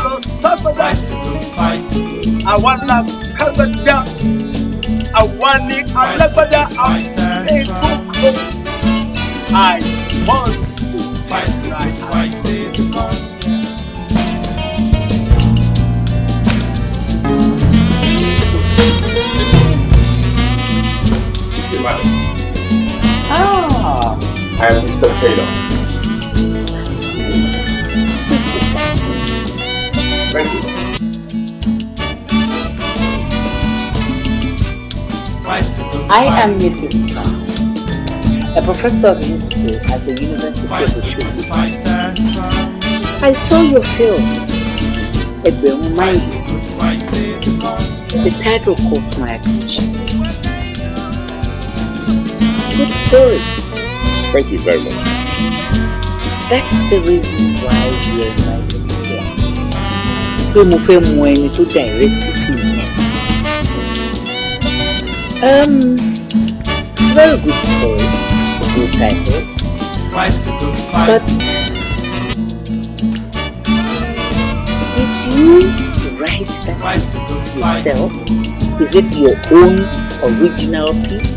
Bible fight. about awala kazada awani alagbada awo I want it. I must fight want to fight, stay the course. Ah, I am Mr. Taylor. Thank you. I am Mrs. Clark, a professor of history at the University of Oshobo. I saw your film, Ebeu Maidi. The title caught my attention. Good story. Thank you very much. That's the reason why we are invited pé mo fẹ́ mọ ẹni tó direct fún mi. Um, very good story it's a good title but did you write that yourself is it your own original piece.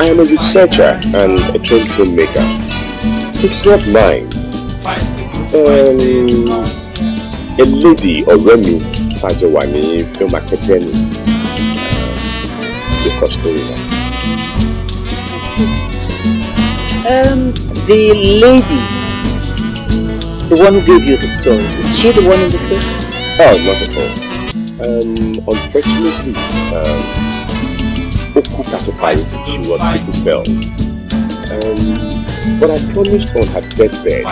I am a researcher and a trained filmmaker. It's not mine. Um, elédè ọ̀rẹ́ mi tájọ film akẹ́kẹ́ the first Um, the lady, the one who gave you the story, is she the one in the film? Oh, not at all. Um, unfortunately, um, Oku Katofari, she was sickle cell. Um, but I promised on her deathbed,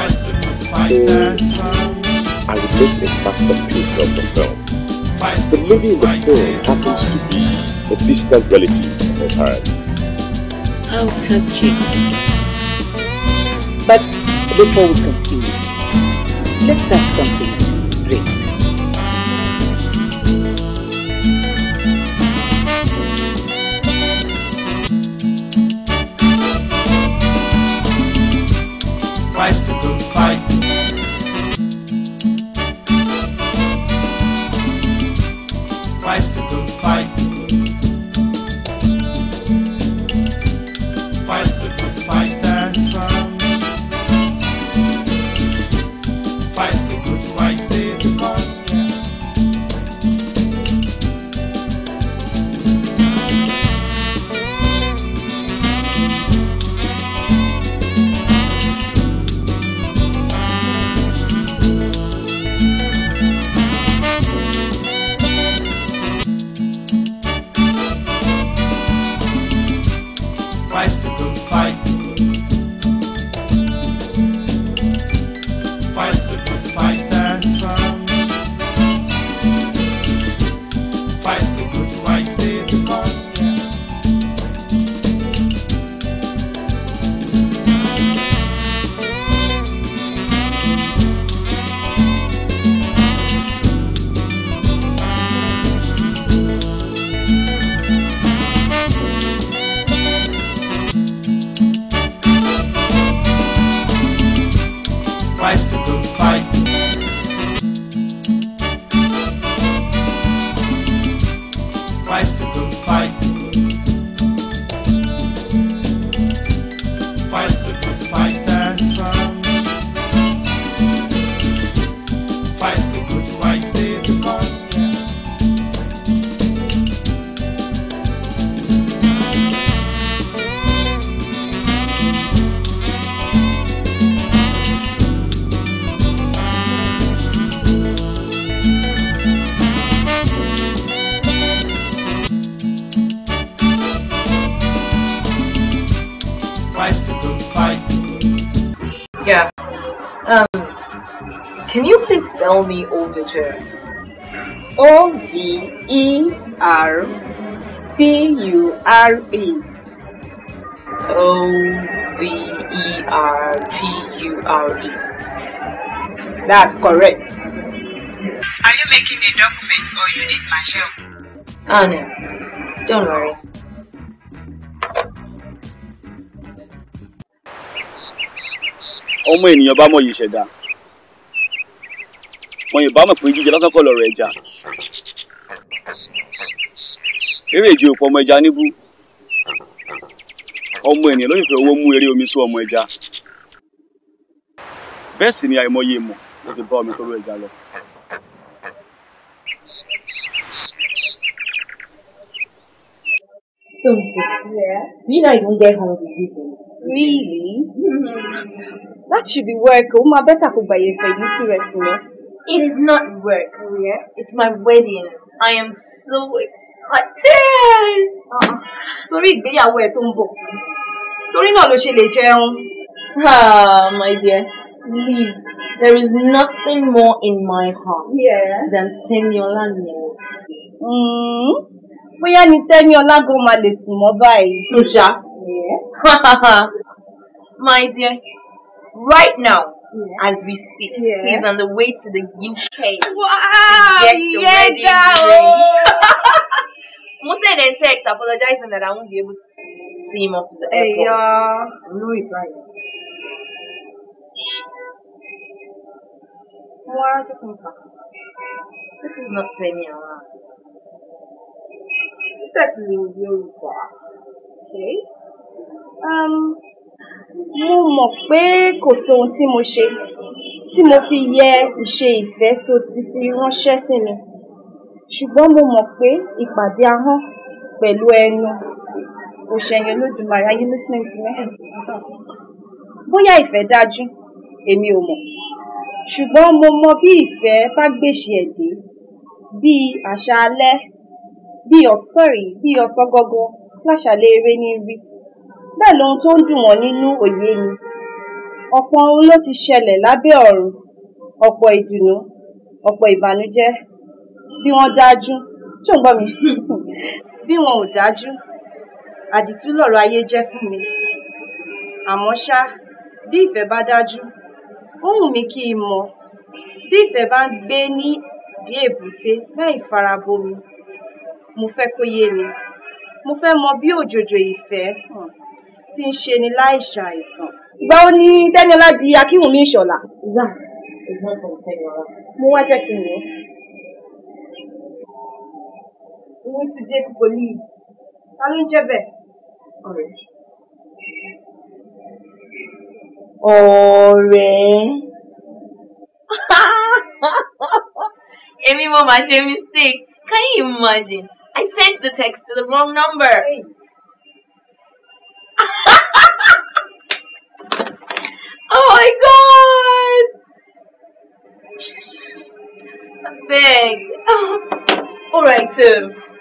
so I would make a masterpiece of the film. The lady in the film happens to be a distant relative of hers. How touching. But before we continue, let's have something to drink. R E O V E R T U R E. That's correct. Are you making a document or you need my help? Oh no, don't worry. ọmọ ènìyàn bá mọ̀ yìí ṣẹ̀dá wọn yóò bá mọ̀ pé jíjẹ lásán kọ́ lọ́rọ̀ ẹja eré ìje òpó ọmọ ẹja níbú ọmọ ènìyàn lóyún fẹ́ owó mú eré omi sún ọmọ ẹja bẹ́ẹ̀ sì ni àìmọye ìmọ̀ ló ti bá omi tó rú ẹja lọ. yeah. you know you won't get hungry these days? Really? that should be work. Uma oh, better could buy you for you to rest, you It is not work, yeah. It's my wedding. I am so excited. Torí ah, ìgbéyàwó ẹ tó ń bọ̀. Torí náà ló ṣe lè jẹun. Ah, my dear, leave. There is nothing more in my heart yeah. than Teniola now. Hmm? Bóyá ni Teniola gan máa lè sùn mọ́ báyìí. Sọ́ṣà. My dear, right now. yeah. as we speak. Yeah. He's on the way to the UK. Wow! To get the yeah, Musa then text apologizing that I won't be able to see him up to the airport. Yeah. No reply. Why are you This is not turning around. This is Okay. Um, mo mọ̀ pé kò sóhun tí mo ṣe tí mo fi yẹ ìṣe ìfẹ́ tó ti fi ránṣẹ́ sí mi ṣùgbọ́n mo mọ̀ pé ìpàdé ahọ́n pẹ̀lú ẹnu kò ṣẹ̀yìn olódùmarè are you listening to me bóyá ìfẹ́ dájú èmi ò mọ̀ ṣùgbọ́n mo mọ bí ìfẹ́ bá gbèṣì ẹ̀ dé bíi àṣálẹ́ bíi ọ̀sán rèé bíi ọ̀sán gangan eré ní rí bẹ́ẹ̀ lohun tó ń dùn wọ́n nínú òye ni ọ̀pọ̀ ohun ló ti ṣẹlẹ̀ lábẹ́ ọ̀run ọ̀pọ̀ ìdùnnú ọ̀pọ̀ ìbànújẹ́ bí wọ́n dájú ṣó ń gbọ́ mi bí wọn ò dájú àdìtú lọ̀rọ̀ ayé jẹ́ fún mi àmọ́ ṣá bí ìfẹ́ bá dájú ó wù mí kí n mọ̀ bí ìfẹ́ bá ń gbé ní ìdí èbúté láì farabomi mo fẹ́ kó yé mi mo fẹ́ mọ bí òjòjò ìfẹ́ um tí ń ṣe ni láì ṣàìsàn. ìgbà wo ni Tẹ́niọlá di Akínwùmí Ìṣọ̀lá. mo wá jẹ́ kí n wò. we need to take police. ta ló ń jẹ́ bẹ́ẹ̀. ọ̀rẹ́ èmi mo máa ṣe mistake can you imagine I sent the text to the wrong number. Hey. my god! Big. Alright, so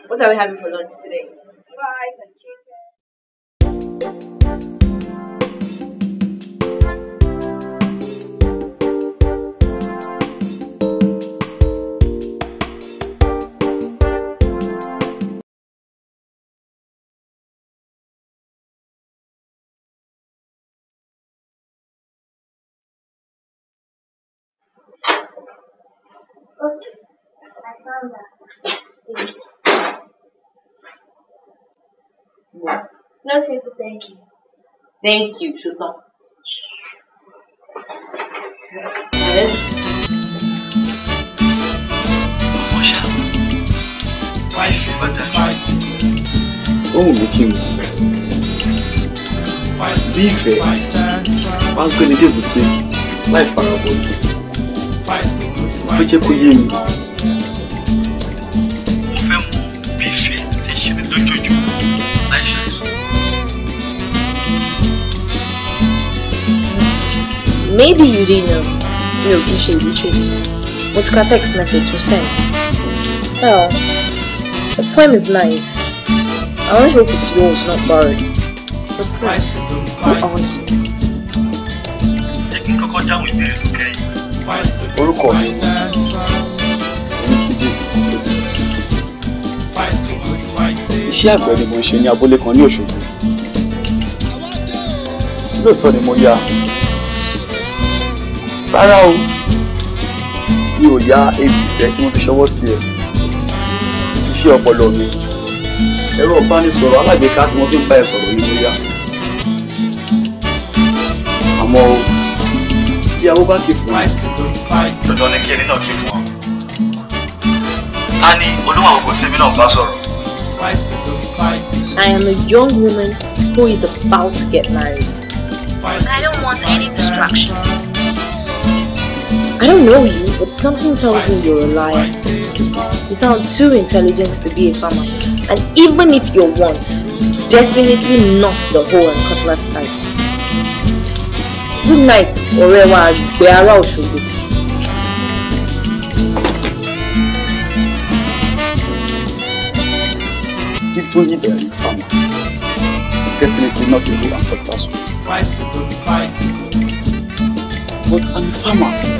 what are we having for lunch today? Rice and No simple thank you. Thank you, Chutão. Poxa, vai, filho, butterfly. Oh, looking Bife, quase Life eu lhe devo dizer. Vai, vagabundo. Foi te Maybe you didn't know. Mi ò kí ń What's illiterate. text message to send. Well, the poem is nice. I only hope it's yours, not borrowed. But first, who are you? Jẹ́ kí n kọ́kọ́ dáhùn ìbéèrè tó kẹ́yìn. Orúkọ mi Oníkìdí Òkúté. Iṣẹ́ àgbẹ̀ ni mo ń ṣe ní abúlé kan ní Òṣogbo. Lóòótọ́ ni mo yá rárá o mi ò yá ebi ìfẹ́ tí wọ́n fi ṣọwọ́ sí ẹ iṣẹ́ ọpọlọ mi ẹ̀rọ ìbánisọ̀rọ̀ alágbèéká tí wọ́n fi ń bá ẹ sọ̀rọ̀ yìí ló àmọ́ o tí a bá ti fún ẹ dandan ni kí ẹni náà kí fún ọ a ní olúwa ògùn tèmi náà bá sọ̀rọ̀. I am a young woman who is about to get married. I don't want any distractions. I don't know you, but something tells me you're a liar. You sound too intelligent to be a farmer, and even if you're one, definitely not the whole and cutlass type. Good night, Orewa Agbeara Oshogbo. Even if they're a farmer, definitely not a whole and cutlass. Fight, fight. But I'm a farmer.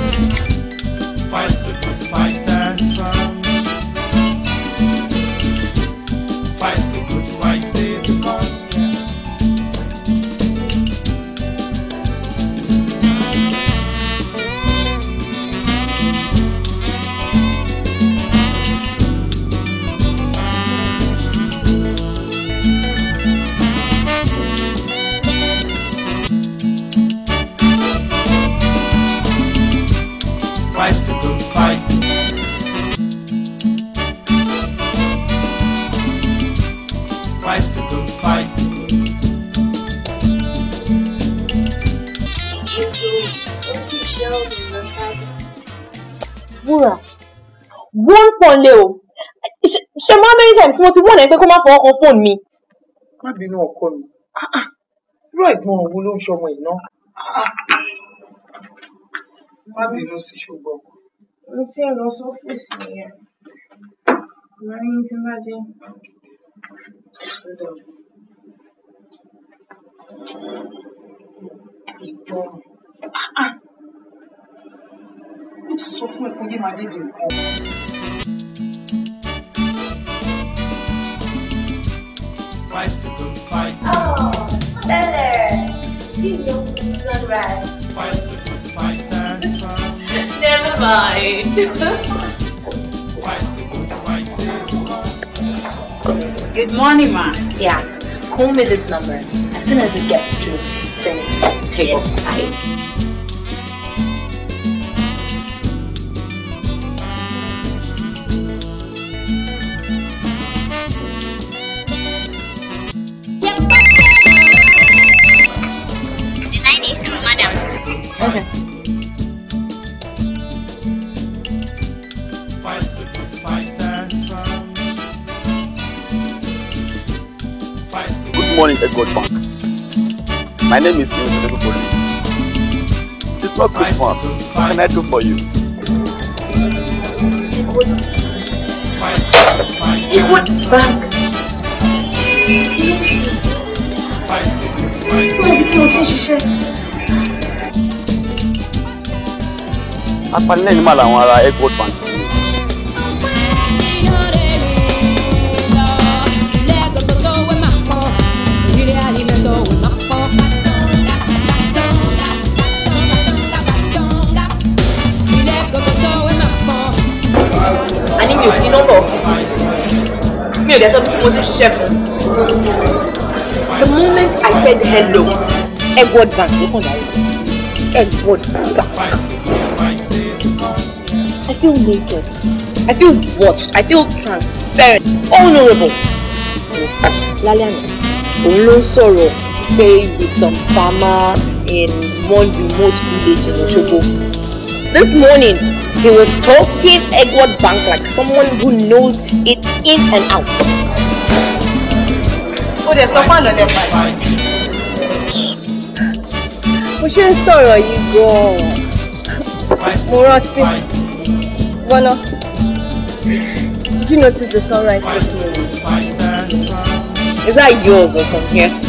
le o ṣe máa many times mo ti wọ̀n ẹ́ pé kó má fọwọ́ kan fóònù mi. má bínú ọkọ mi ah, ah, irú ẹ̀gbọ́n òwú ló ń ṣọmọ ìná. Ah, má bínú sí ṣùgbọ́n. mo ti ń lọ sọ́fíìsì yẹn ìwọ́n ní tí má jẹ́. ìgbọràn. fight the good fight. oh tẹ́lẹ̀ fight the good fight stand firm. never mind. fight the good fight stay good morning ma. yeah call me this number as soon as it gets through send it to your a good bank. My name is Infinity Bolu. It's not Christmas. What can I do for you? It would bank. apanilẹ́yìn mà làwọn ará airport bank. there's something to mo the moment I said hello Edward bank ló kàn láyé Edward bank. I feel naked I feel watched I feel transparent honourable. Laliana. àná sorrow. ló with some farmer in one remote village in Osogbo. This morning, he was talking Edward Bank like someone who knows it in and out. Oh, there's someone on the lẹ́pa yìí. mo ṣe ń sọ̀rọ̀ yìí gan-an mo rántí did you notice the sunrise this morning? Is that yours or something else?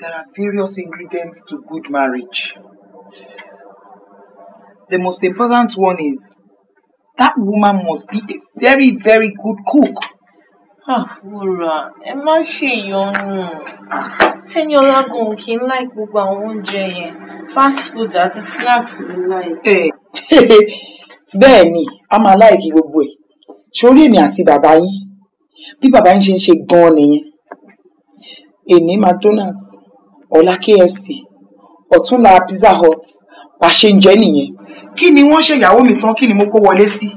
There are various ingredients to good marriage. The most important one is that woman must be a very very good cook. àfúrà ẹ má ṣèyọnu Tẹniọlá gan ò kí ń láì gbogbo àwọn oúnjẹ yẹn fast food àti snacks ló láì. Eh, bẹ́ẹ̀ ni a máa láìkí gbogbo ẹ̀ sórí èmi àti bàbá yín bí bàbá yín ṣe ń ṣe gan-an nìyẹn èmi McDonald's ọ̀la KFC ọ̀túnla Pizza Hut bá ṣe ń nìyẹn kí ni wọ́n ṣe ìyàwó mi tán kí ni mo kó wọlé sí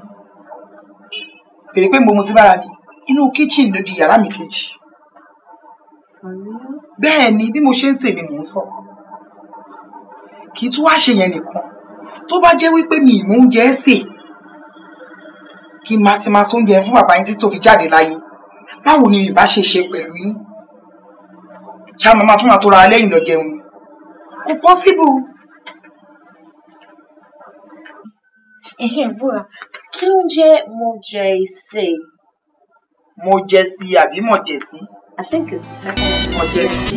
bèrè pé mo mu ti bára mi inú kíchìn ló di yàrá mi kejì bẹ́ẹ̀ ni bí mo ṣe ń sèmi mò ń sọ kì í tún wá ṣe yẹn nìkan tó bá jẹ́ wípé mi ìmú oúnjẹ sè kí n máa ti máa sóúnjẹ fún bàbá yín tí tó fi jáde láyé báwo ni ìbá ṣe ṣe pẹ̀lú yín ṣá màmá tún máa tó ra lẹ́yìn lọ jẹun kò pọ́síbù. ẹ̀hẹ́n Búra kí ló ń jẹ́ mọ̀jẹ̀sí? Mọ̀jẹ̀sí àbí mọ̀jẹ̀sí? I think it's the second one. Mọ̀jẹ̀sí.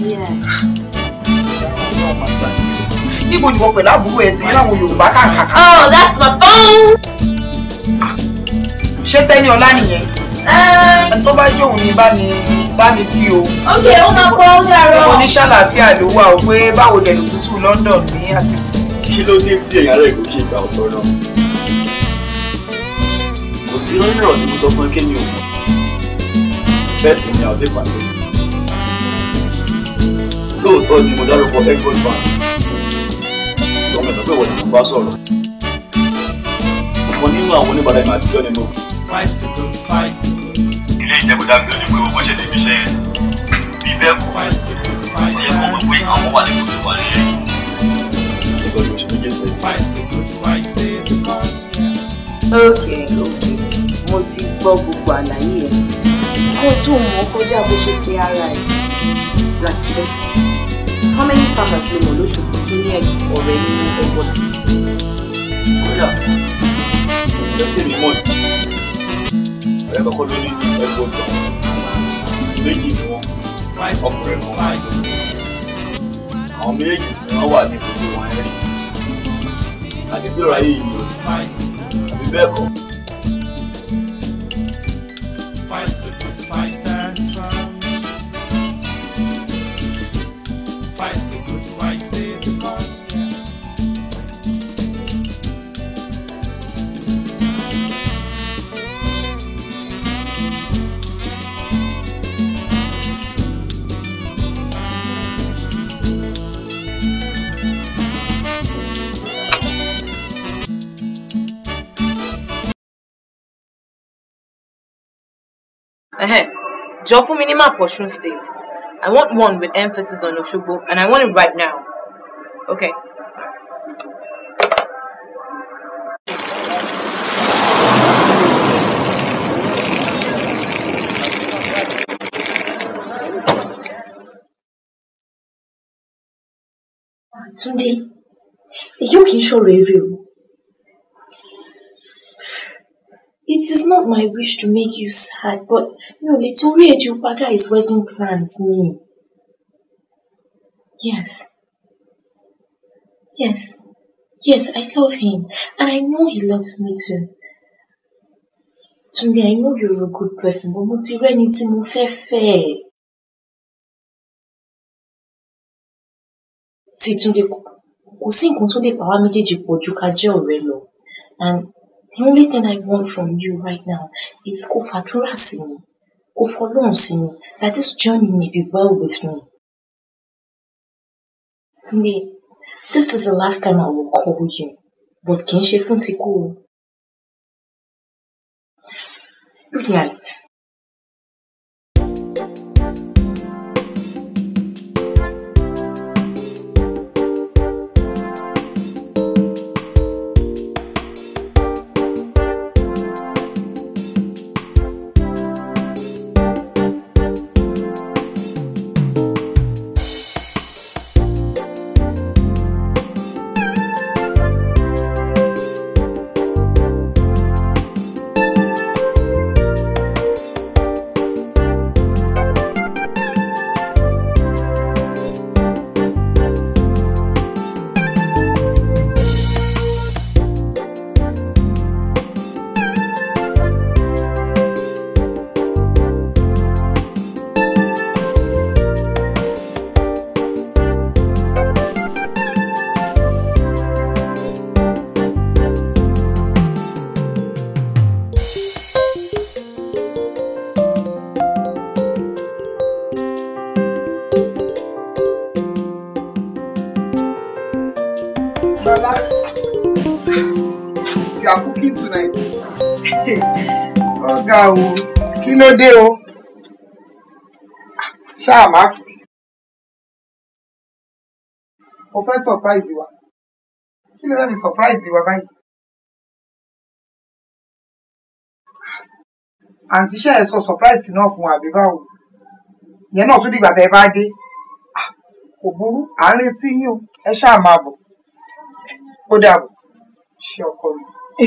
Níbo ni wọ́n pẹ̀lú àbúrò ẹ̀ tí láwọn Yorùbá kàkàkà? Oh, that's my phone! Ṣé Tẹ́ni Ọlá nìyẹn? Um. Tó bá jẹ́ òun ni bá mi bá mi kí o. Ok, ó máa kọ́ ó dàrọ. Mo ní ṣàlàáfíà ló wà ó pé báwo dẹ̀lù tútù London ní àgbẹ̀. Kí ló dé tí ẹ̀yà rẹ̀ kò ṣe ìgbà ọ̀pọ̀ náà? kò sí lórí ọ̀rọ̀ tí mo sọ fún ẹ kémi o bẹ́ẹ̀ sì ni àwọn ìpàdé lóòótọ́ ni mo dárúkọ ẹgbẹ́ ìgbà ọmọ ìtọ́jú ìwọ̀n ni mo bá sọ̀rọ̀ ọ̀kan nínú àwọn oníbàárà ìmọ̀ àtijọ́ ni mo. ilé ìjẹ́bù dábìlì ni pé wọ́n ṣẹlẹ̀ ibi iṣẹ́ yẹn bí bẹ́ẹ̀ kọ́ ti ẹ̀kọ́ mọ̀ pé àwọn wà nínú ìwà rẹ̀ yẹn. Okay, okay mo ti gbọ́ gbogbo àlàyé ẹ̀ kó tó mọ̀ kọjá bó ṣe pe ara ẹ̀ ràkìtẹ́ how many farmers ló mọ̀ lóṣogbo tó ní ẹ̀jẹ̀ ọ̀rẹ́ nínú ẹ̀wọ̀ kódà ló fi rí mọ́ọ̀dù ọ̀rẹ́ kọ́kọ́ ló ní ẹ̀wọ̀ tó méjì ni wọ́n ọkùnrin kan máa àwọn méjèèjì sì ni wà ní gbogbo wọn ẹ̀rí àti tí ọ̀rọ̀ ayé yìí lò àbí bẹ́ẹ̀ kọ́. for map portion State. I want one with emphasis on Oshogbo, and I want it right now. Okay. Túndé, èyí ò kì í ṣòro eré o show review. It is not my wish to make you sad, but you no, Litori Ejiopaga is wedding plans me. Yes. Yes. Yes, I love him. And I know he loves me too. Tunde, I know you're a good person, but mo ti rẹ́ ni tí mo fẹ́ fẹ́ Tunde kò sí nǹkan tó lè pa wá méjèèjì pọ̀ ju ká jẹ́ And the only thing I want from you right now is kó fàdúrà sí mi, kó fọlọ́run sí me, that this journey may be well with me. Tunde, this is the last time I will call you, but can she find a cure? Good night. ká o kí ló dé o ṣáà má o fẹ́ surprise wa kí ló fẹ́ mi surprise wa báyìí. àǹtí ṣe é sọ surprise náà fún àbí báwo yẹn náà tún dìgbà tẹ ẹ bá dé kò burú à ń retí yín o ẹ ṣáà máa bọ̀ ó dàbọ̀ ṣe ọkọ mi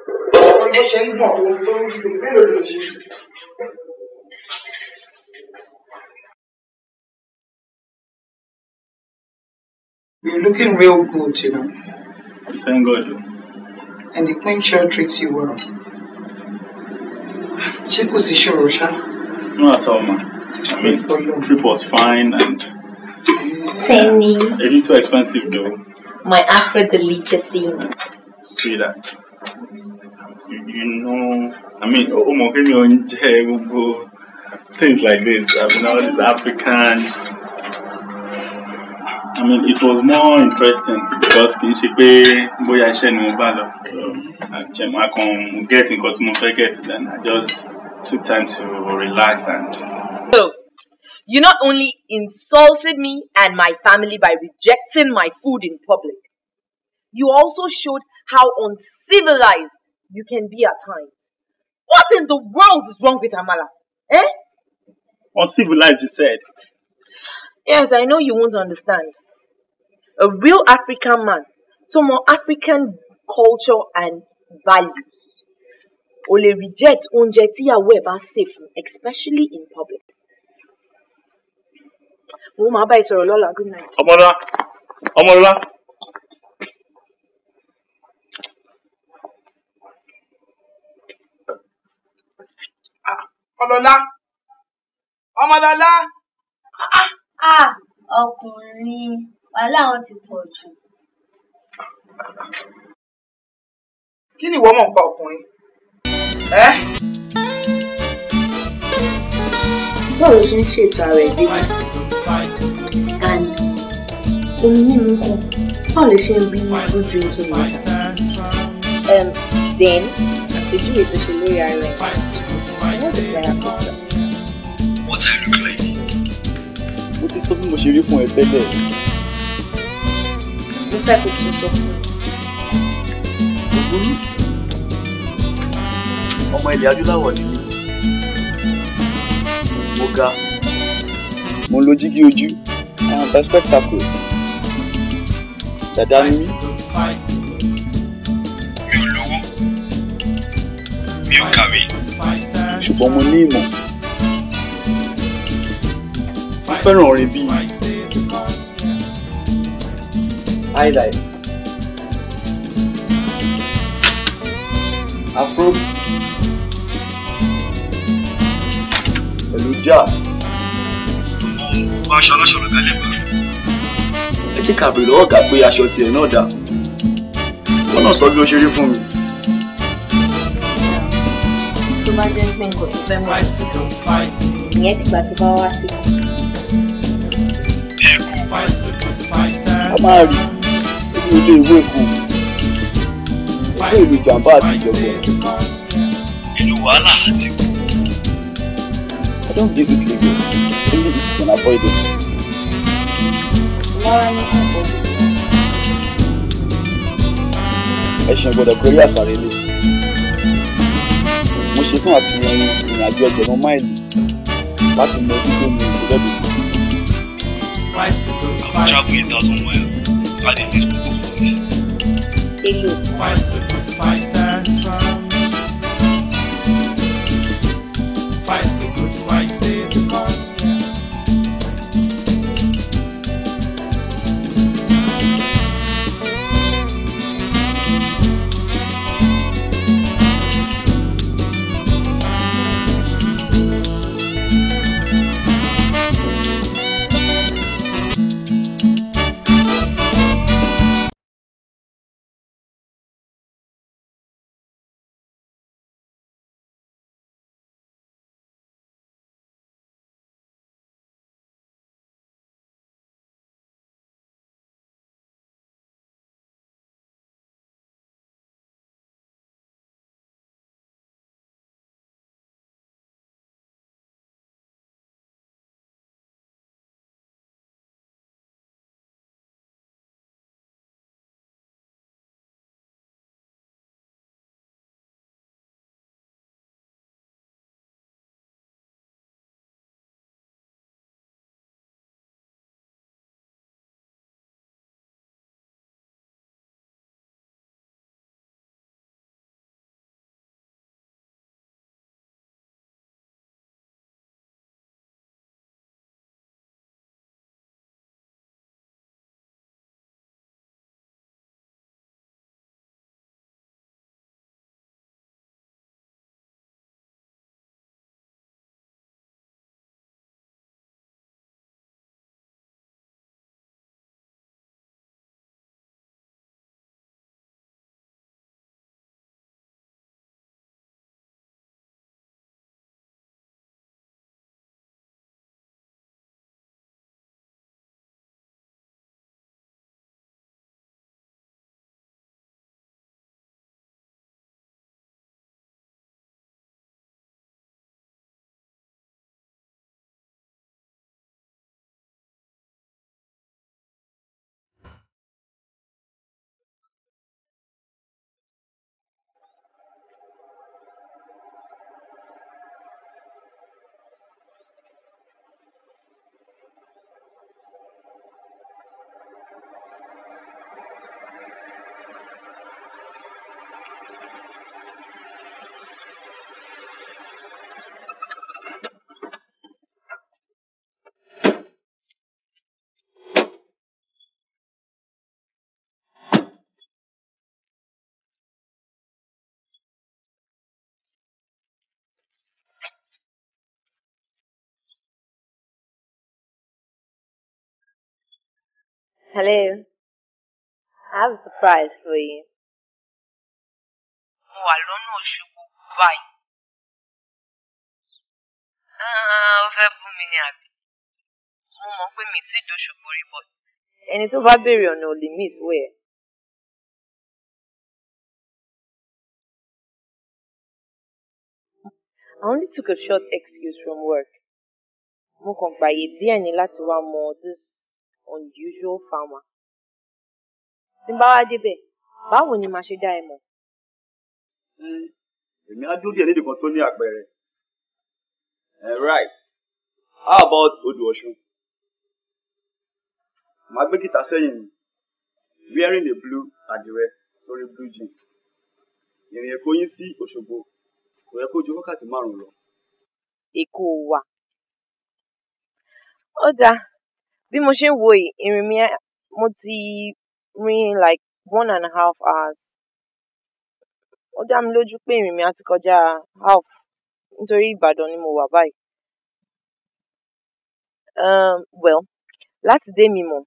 entra You're looking real good, you know. Thank God. And the Queen Chair treats you well. Check what's to show Rosha. No, at all, man. I mean, trip was fine and. Tenny. A little expensive, though. My Afro delicacy. Sweetheart. You, know, I mean, Omo oh, oh, Kenyo things like this. I mean, all these Africans. I mean, it was more interesting because kì í ṣe pé bóyá iṣẹ́ ni mo bá lọ. Àjẹmọ́ akọ̀hún get nǹkan tí mo get then I just took time to relax and. So, you not only insulted me and my family by rejecting my food in public, you also showed how uncivilized you can be at times. What in the world is wrong with Amala? Eh? Uncivilized, you said. Yes, I know you won't understand. A real African man, more African culture and values. O lè reject oúnjẹ tí ìyàwó safe, especially in public. Oh, my bá ẹ lọ́la good night. Amala. Amala. ọlọ́lá ọmọlọ́lá. Ah, ah, ọkùnrin wàhálà wọn ti pọ̀ jù. kí ni ìwọ mọ̀ nípa ọkùnrin? ẹ́ báwo ló ṣe ń ṣètò ara ẹ̀ dé? and omi mímu kan báwo lè ṣe ń bí lójú oúnjẹ? Um, then ìjúwe tó ṣe lórí ara ẹ̀. What I look like? Mo ti sọ bí mo ṣe rí fún ẹ tẹ́lẹ̀. Mo fẹ́ kó tún sọ fún mi. Ọmọ ilẹ̀ adúláwọ̀ ni mí. Mo ga. Mo lo jígí ojú. I am perspectacle. Dàdá ni mí. ṣùgbọ́n mo ní ìmọ̀ mo fẹ́ràn orin bíi highlight afro pẹ̀lú jazz. aṣọ aláṣọ ló dálé mi. ẹ jẹ́ ká béèrè ọ̀gá pé aṣọ tiẹ̀ náà dà wọ́n náà sọ bí ó ṣe rí fún mi. bá jẹ́ pé nǹkan tó fẹ́ mọ̀ ìyẹn ti gbà tó bá wá sí. a máa rí ojú ilé ìwé kan ilé ìwé ìjàmbá àti ìjọba. nínú wàhálà àti kú. I don't visit Lagos only if it's an avoidance. ẹ ṣe gbọ́dọ̀ kórè àṣà rẹ ní ṣetán àti ìrìn àjò ẹgbẹ̀rún máìlì láti mọ ojú tó ní ìṣẹ̀lẹ̀ tó kù. I will travel a thousand miles to add of this Hello. I have a surprise for you. Mo wà lọ́nà Òṣogbo báyìí. Ah, ó fẹ́ bú mi ní àbí. Mo mọ̀ pé mi ti dòṣogbo rí bọ̀. Ẹni tó bá béèrè ọ̀nà ò lè mí ìsúwẹ̀ I only took a short excuse from work. Mo kàn gbàyè díẹ̀ ní láti wá mọ this unusual farmer. tí n bá wá débẹ̀ báwo ni màá ṣe dá ẹ mọ̀. èmi á dúró díẹ̀ nídìí kan tó ní àpẹẹrẹ. Eh, right how about odò ọ̀ṣun. màá gbé kìtà sẹ́yìn mi wearing a blue àdìrẹ sórí blue jean. ìrìn èkó yín sí òṣogbo kò yẹ kó ju wákàtí márùn-ún lọ. èkó wà. ó dáa bí mo ṣe ń wo yìí ìrìn mi, mo ti rin like one and a half hours. Ó dá mi lójú pé ìrìn mi á ti kọjá half nítorí Ìbàdàn ni mo wà báyìí. Um, well, láti dé mi mọ̀,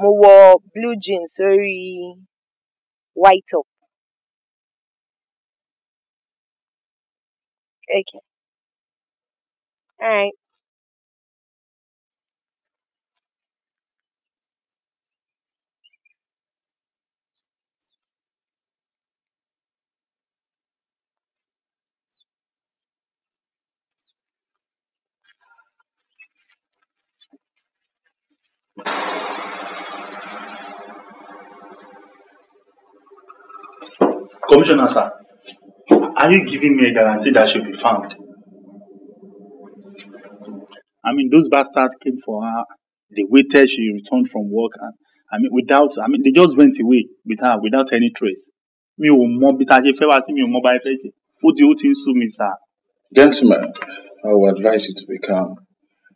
mo wọ blue jeans sórí white top. Okay. All right. Commissioner, sir, are you giving me a guarantee that she'll be found? I mean, those bastards came for her. They waited. She returned from work, and I mean, without, I mean, they just went away with her without any trace. Me ò mọ bí ta ṣe fẹ́ me sí mi ò mọ bá do you think, Ó ti ó Gentlemen, I would advise you to be calm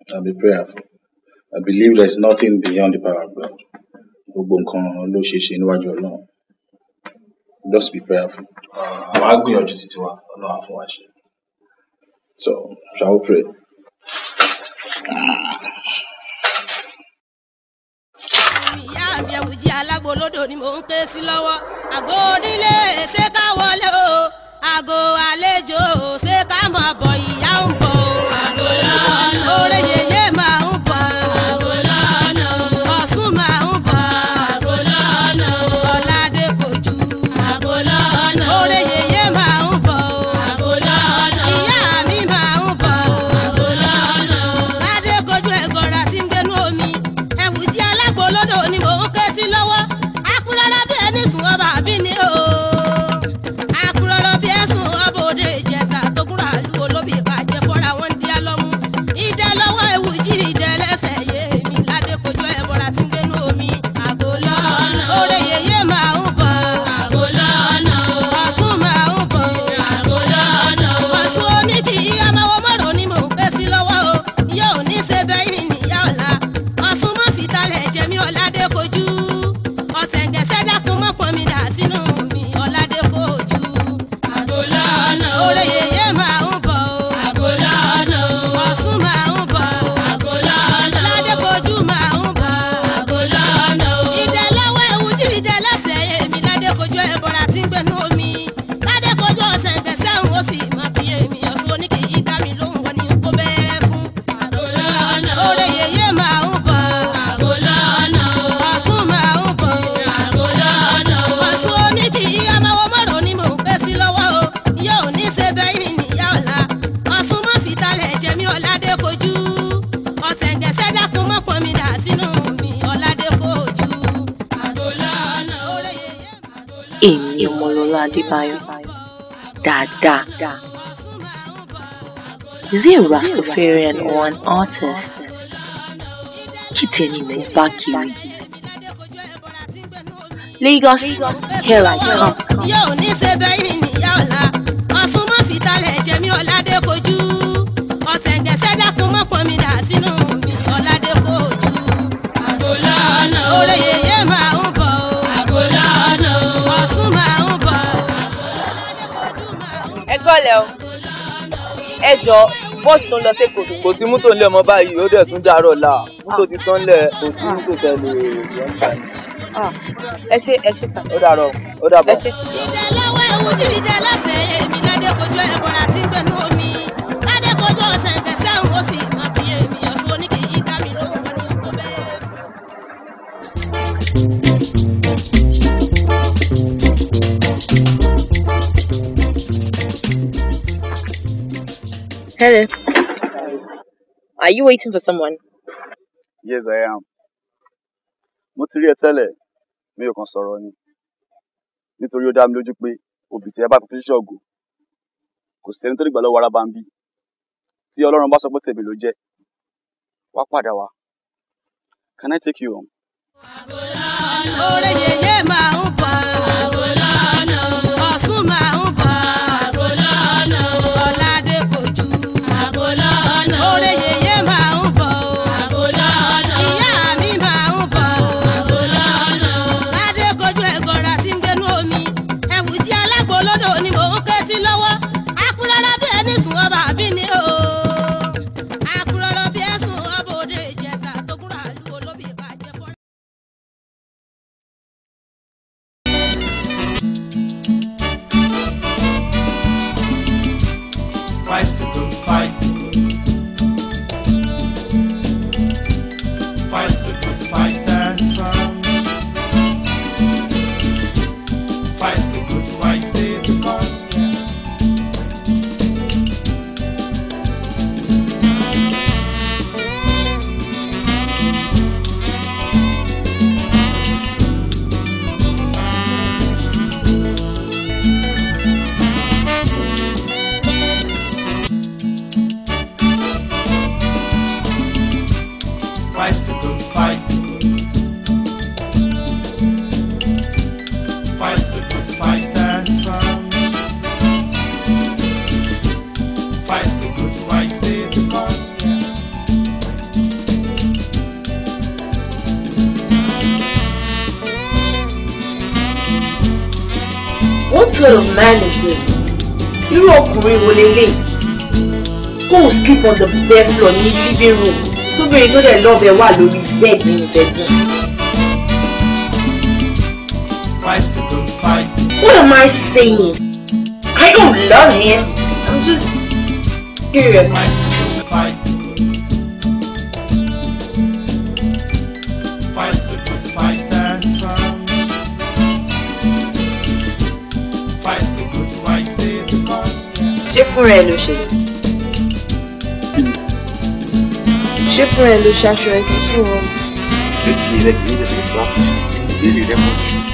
and be prayerful. I believe there is nothing beyond the power of God. Gbogbo nǹkan ló ṣe ṣe níwájú Ọlọ́run. Just be prayerful. Àwọn á gbìyànjú títí wa, Ọlọ́run á fún wa ṣe. So, shall we pray? Ìyá alágbolódò ni mò ń ké sí lọ́wọ́. Àgọ́ onílé ṣé ká wọlé o? Àgọ́ àlejò ṣé ká máa bọ̀ yìí? Adébáyọ̀ dáadáa. Is he a Rastafarian or an artist? Kí tiẹ̀ ni bá kiri? Lagos, here I come. Yóò dìrọ̀lẹ́ o ẹ jọ bọ́ọ̀sì tó ń lọ sẹ́kọ̀ọ́. kò sí mọ́tò ńlẹ̀ mọ́ báyìí ó dẹ̀ tún dàrọ̀ la mọ́tò ti tán lẹ̀ kò sí mọ́tò tẹ̀lé yọ̀ǹda. Ah, ẹ ṣe ẹ ṣe sàn. ó dàrọ̀ ó dàbọ̀. ẹ ṣe. ìdẹ̀lẹ́wọ̀ ẹ̀wù ti ìdẹ̀lẹ́ Hello. Are you waiting for someone? Yes, I am. Mo ti rí ẹ tẹ́lẹ̀, mi ò kàn sọ̀rọ̀ ni. Nítorí ó dá mi lójú pé òbí tí ẹ bá fi ṣọ̀gùn kò sẹ́ni tó dìgbà lọ́wọ́ ara bá ń bí. Tí Ọlọ́run bá sọ pé tèmi ló jẹ́, wá padà wá. Can I take you home? Àgọ́lá lórí yẹyẹ máa ń bọ̀. bed floor ní living room tóbìnrin tó dẹ̀ lọ́ọ̀bẹ wà lórí bed nínú What am I saying? I don't love him. I'm just curious. Fight, don't fight. Fight the good fight, stand firm. Fight the good fight, stay the course. Ṣé different do Chachoré que tu ouve. Eu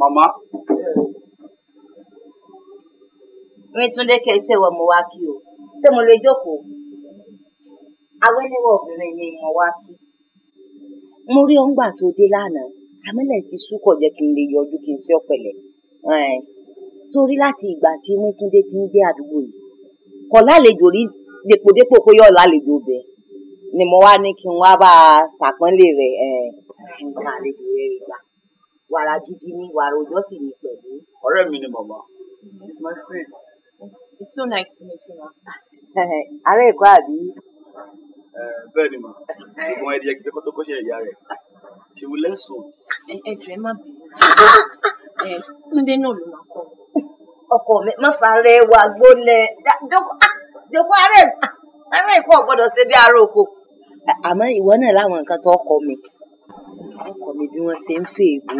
mama. Rìntúndé kẹ́ ẹ ṣèwọ̀ mo wá kí o. Ṣé mo lè jókòó? Awẹ́lẹ́wọ̀ obìnrin ni mo wá kí. Mo rí ọ̀ngbà tó dé lánàá. Amílẹ̀ ti súkọ̀ jẹ́ kí n lè yọjú kí n ṣe ọ̀pẹ̀lẹ̀. Sórí láti ìgbà tí Rìntúndé ti ń gbé àdúgbò yìí. Kọ̀ lálejò rí depòdépò pé yọ̀ lálejò bẹ̀. Ni mo wá ní kí n wá bá a ṣàpọ́nlé rẹ̀. Nǹkan àlejò rẹ̀ gbà wàrà gidi ni wàrà òjọ́ sì ni pẹ̀lú. ọ̀rẹ́ mi ni màmá she's my friend. it's so nice to meet you ma. ààrẹ èkó àbí. bẹ́ẹ̀ ni mà ṣùgbọ́n ẹ̀dí ẹgbẹ́ kó tó kọ́ ṣe ìyá rẹ̀ she will learn soon. ẹ jẹ́ má bínú Túndé náà ló máa kọ́ ọkọ mi má fara ẹ wà gbólẹ̀ dọ́kọ ààrẹ ẹ̀kọ́ gbọ́dọ̀ ṣe bí ara òkò. àmọ́ ìwọ náà láwọn nǹkan tó ọkọ mi ọkọ mi bí wọ́n ṣe ń fè ègbò.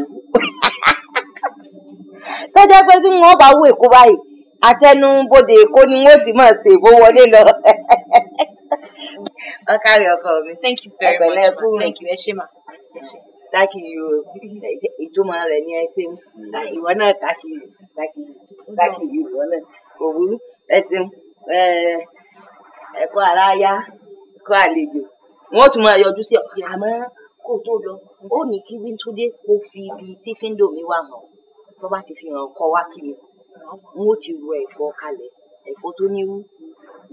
tó pé tí wọ́n bá wọ èkó báyìí àtẹnubodè èkó ni wọ́n ti máa ṣe èbó wọlé lọ. ọkàrí ọkọ mi thank you very much ma thank you ẹ ṣé ma dákìrì o ìtumọ̀ rẹ̀ ni ẹ ṣe ń ìwọ náà dákìrì dákìrì ìwọ náà kò ẹ ṣeun ẹ̀kọ́ ara yá ẹ̀kọ́ àlejò wọ́n tún máa yọjú sí ọ àmọ́ kó tó lọ ó ní kí Wíntúndé kó fi ibi tí fíńdòmí wà hàn tó bá ti fi hàn kọ́ wá kí mi n ó ti ro ẹ̀fọ́ kalẹ̀ ẹ̀fọ́ tó níwú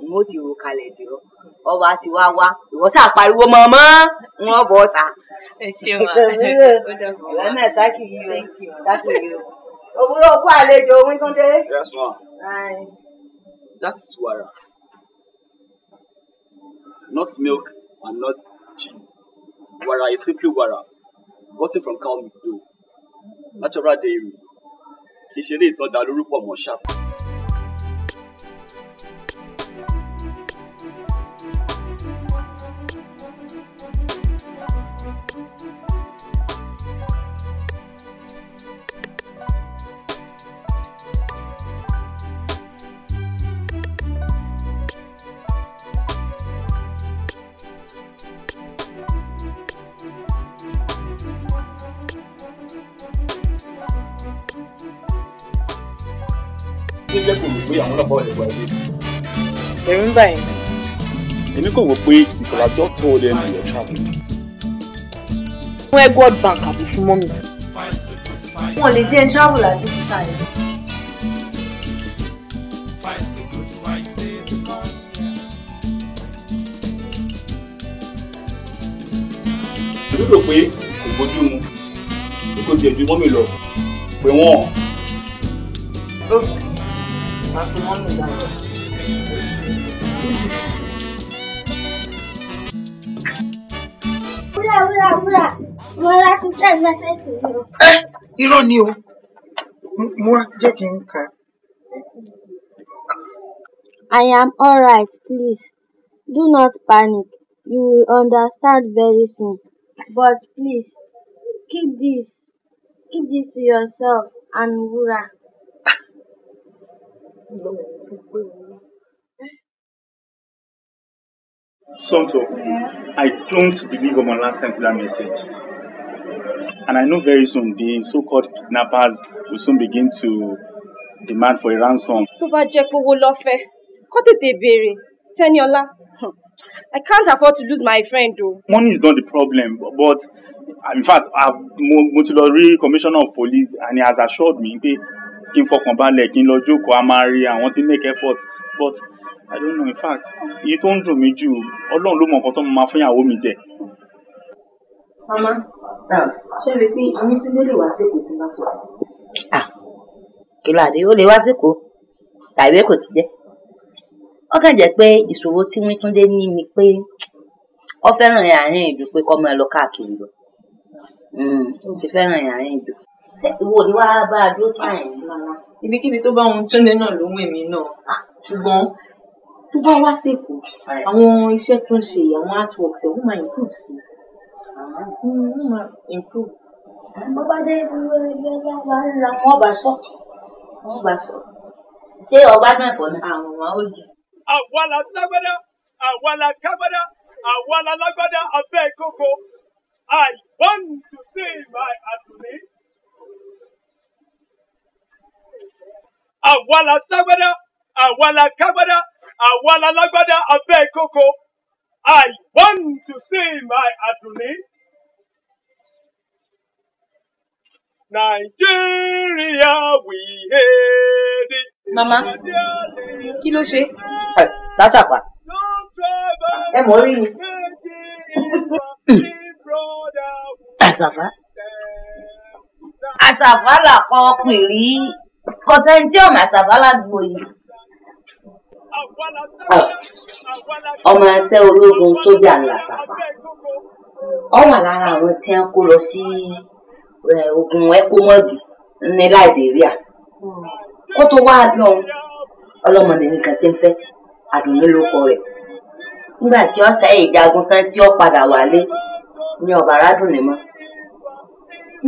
n ó ti ro kalẹ̀ dìrọ̀ ọba ti wá wá ìwọ sáà pariwo mọ̀mọ́ n ó bọ̀ ta. ẹ ṣeun àwọn náà dákì yìí o dákì yìí o òwúrọ̀ òkú àlejò Wíntúndé. Yes ma. That's wara. Not milk and not cheese. Wara is simply wara, nothing from cow milk dough, natural dairy. Kì í ṣe eré ìtọ́jà lórúkọ mọ̀ ṣáà. jẹ́ kò rò pé àwọn ọlọ́pàá wà lẹ́gbàá ilé. ẹ̀rù ń bà yín. èmi kò wọ pé ìkọlà tó tó o lẹ́nu ìyọ̀ travel. fún edward bank àbí fún mọ́mì. wọn lè jẹ́ travel àti títà yẹn. ìlú rò pé kò bójú mu bí kò tiẹ̀ ju mọ́mì lọ pé wọ́n. I am alright, please. Do not panic. You will understand very soon. But please, keep this, keep this to yourself and Wúrà. Santo, I don't believe on my Omola sent that message. And I know very soon the so-called kidnappers will soon begin to demand for a ransom. Tó bá jẹ́ pé owó lọ́fẹ̀ẹ́, kó tètè béèrè, Tẹ́niọlá. I can't afford to lose my friend though. Money is not the problem but in fact mo ti lọ rí commissioner of police and he has assured me pé kí n fọkàn balẹ̀ kí n lọ jókòó a máa rí àwọn tí make effort but i don't know in fact iye tó ń dùn mí jù ọlọ́run ló mọ nǹkan tó máa fún ìyàwó mi jẹ. mama um, ṣe rí i pé àwọn tí wọ́n lè wá sí èkó tí wọ́n sọ. kìlọ̀ àdé ó lè wá sí èkó tàbí èkó ti jẹ́ ó kàn jẹ́ pé ìṣòro tí Wíntúndé ní ni pé ó fẹ́ràn àárín ìlú pé kọ́ máa lọ káàkiri lọ hmm, ó ti fẹ́ràn àárín ìlú ìwọ ni wàá bá a dúró sáyẹn lọ́la. ibikíbi tó bá ohun túnde náà ló ń wèmí náà ah. ṣùgbọ́n tó bá wá sèkó àwọn iṣẹ́ tó ń ṣe àwọn artworks ẹ̀ wọ́n máa improve sí i ah. wọ́n máa improve. bó bá dé ìlú ẹgbẹ́ yára ńlá wọ́n bá sọ wọ́n bá sọ ṣé ọgbà mẹ́fọ̀ ni àwọn ọmọ ó di. àwa la sábẹ́dá àwa la kábẹ́dá àwa la lágbádá abẹ́ ìkókó I want to see my Adunni. àwa la ságbádá àwa la kágbádá àwa la lágbádá abẹ́ ìkókó I want to see my Adunni. Nàìjíríà we hate it. Màmá, kí ló ṣe? Sásàpà. Ẹ mọ̀ rí mi. Àṣàfà. Àṣàfà làpọ̀ pèrè. kò sẹ́ni tí ọmọ àṣàbá ládùúgbò ọmọ ẹsẹ ológun tó bí sàfà. ṣàfà ọ wà lára àwọn tí wọn kó lọ sí ogun ẹkọmọbì ní Liberia kó tó wá bí ọhún ọlọmọbìnrin kan ti ń fẹ́ àdùnní ló kọ nígbà tí ó sẹ ìjagun tán tí ó padà wálé ní ọba arádùn ní mọ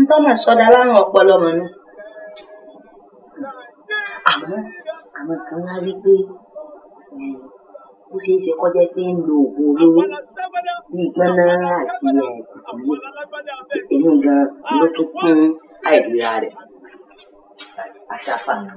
ntọ́nà sọdá láwọn ọpọlọmọ náà. àmọ́ àwọn kan wá rí pé ó ṣeé ṣe kọjá pé ń lo oògùn olóró bíi gbọ́nà àti ẹ̀ẹ́dìgbìlẹ̀ èyí gan ló tún kún àìlera rẹ̀ àṣàfààní.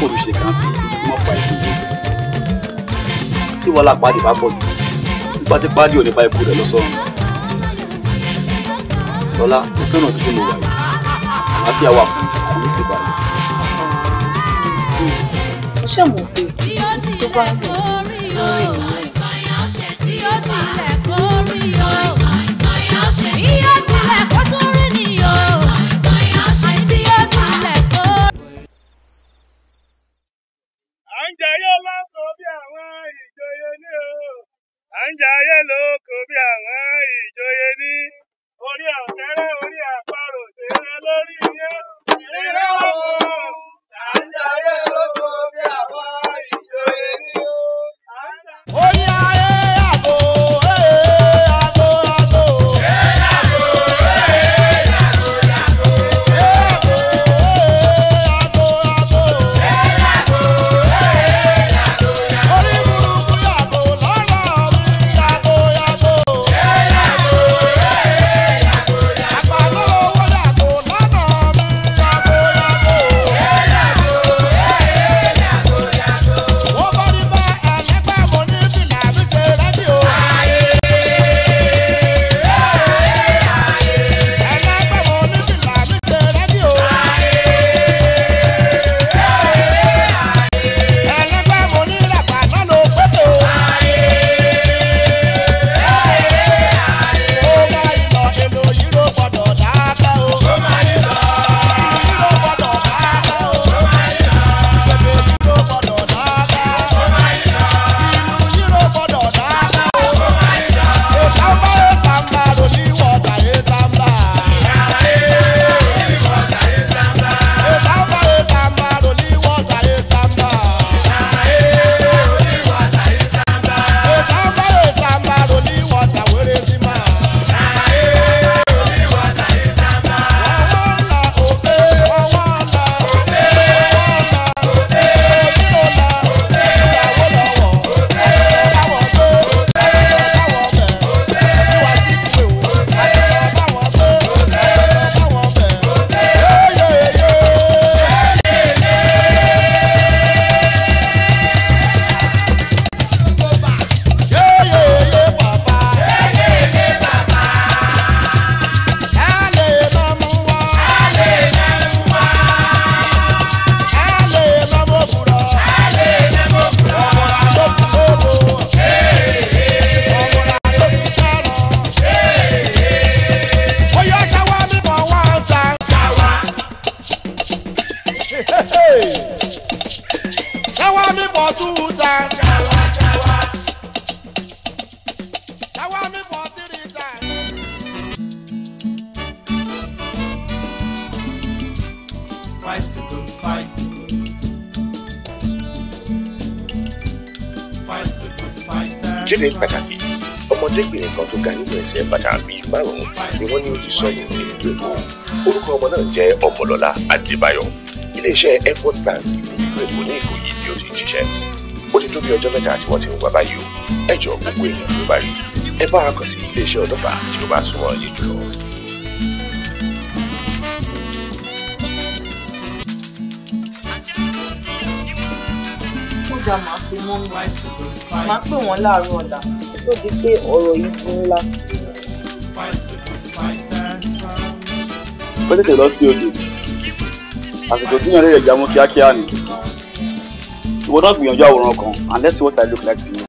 kòrò ṣe kan mọ́ pa ikú yìí tí wọ́n lápá bá pọ̀ jù nípa tí páálí ò ní bá ikú rẹ̀ lọ sọ́run lọ́lá mo fẹ́ràn bí tí wà yìí àlàáfíà wà fún àwọn ìsìn balẹ̀. ṣé mo fi tó ń bọ̀ lórí ìlú kékeré pàtàkì ọmọdébìnrin kan tó ga nínú ẹsẹ̀ bàtà bíi márùn-ún ni wọ́n ní ó ti sọnù ní ìlú èkó orúkọ ọmọ náà jẹ́ ọmọlọ́lá adébáyọ̀ iléeṣẹ́ airport bank ìlú èkó ní ìkòyí ni ó ti ṣiṣẹ́ ó ti tó bí ọjọ́ mẹ́ta tí wọ́n ti ń wá báyìí o ẹ jọ gbogbo èèyàn ló bá rí ẹ bá a kàn sí iléeṣẹ́ ọlọ́pàá tí ó bá súnmọ́ yín jùlọ dáadáa máa fi mọ́ ní máa pè wọ́n láàárọ̀ ọ̀la tó di pé ọ̀rọ̀ yìí ti ńlá. ó tètè lọ sí odò àsìkò tí yàn lè rẹ̀ jámú kíákíá ni ìwọ náà gbìyànjú àwòrán kan unless what I look like to you.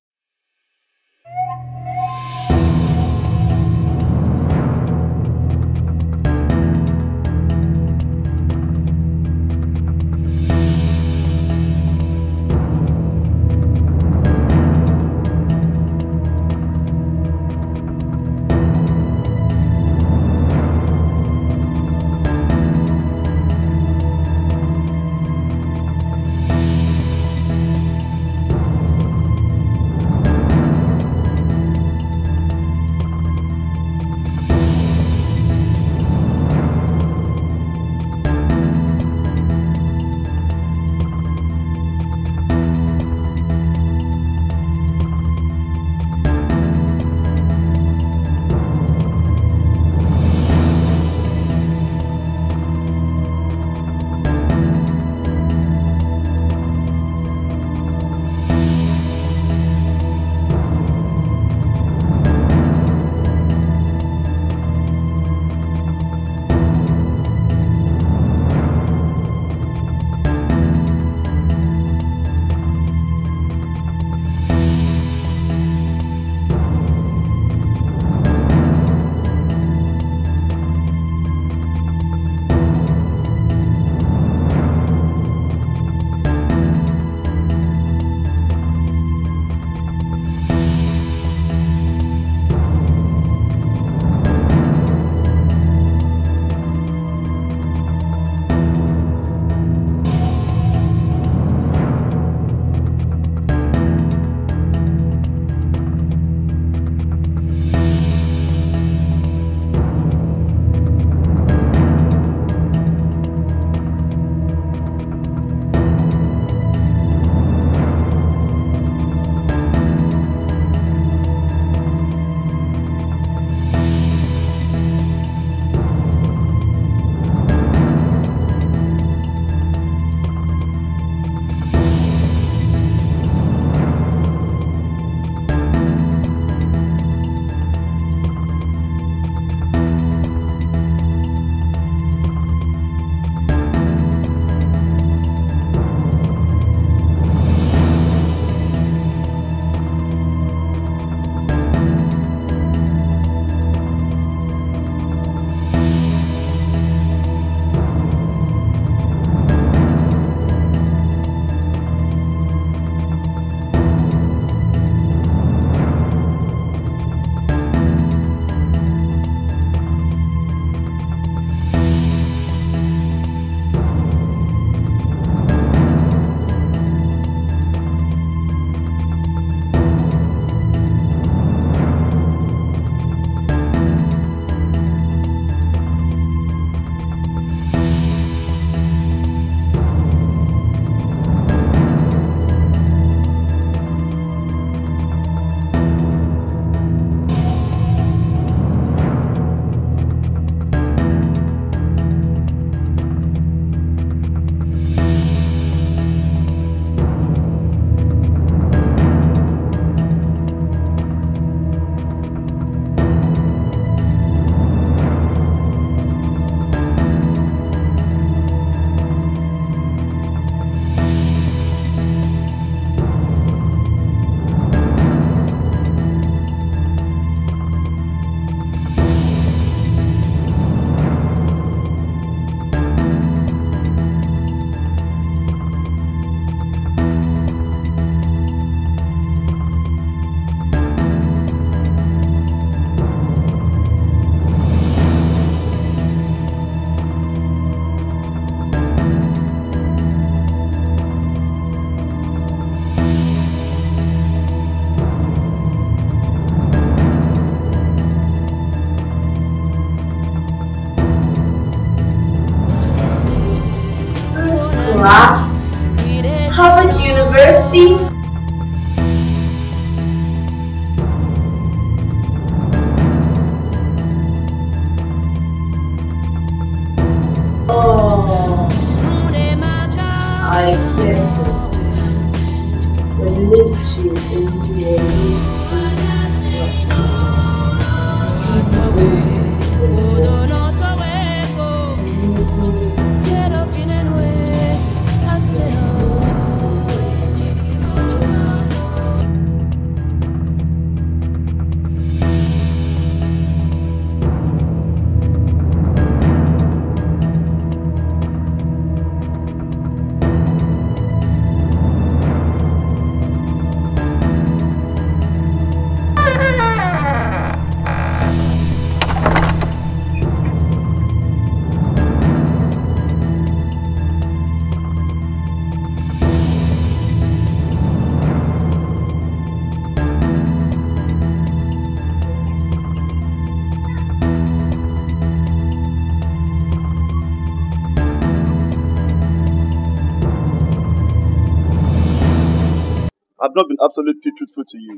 not been absolutely truthful to you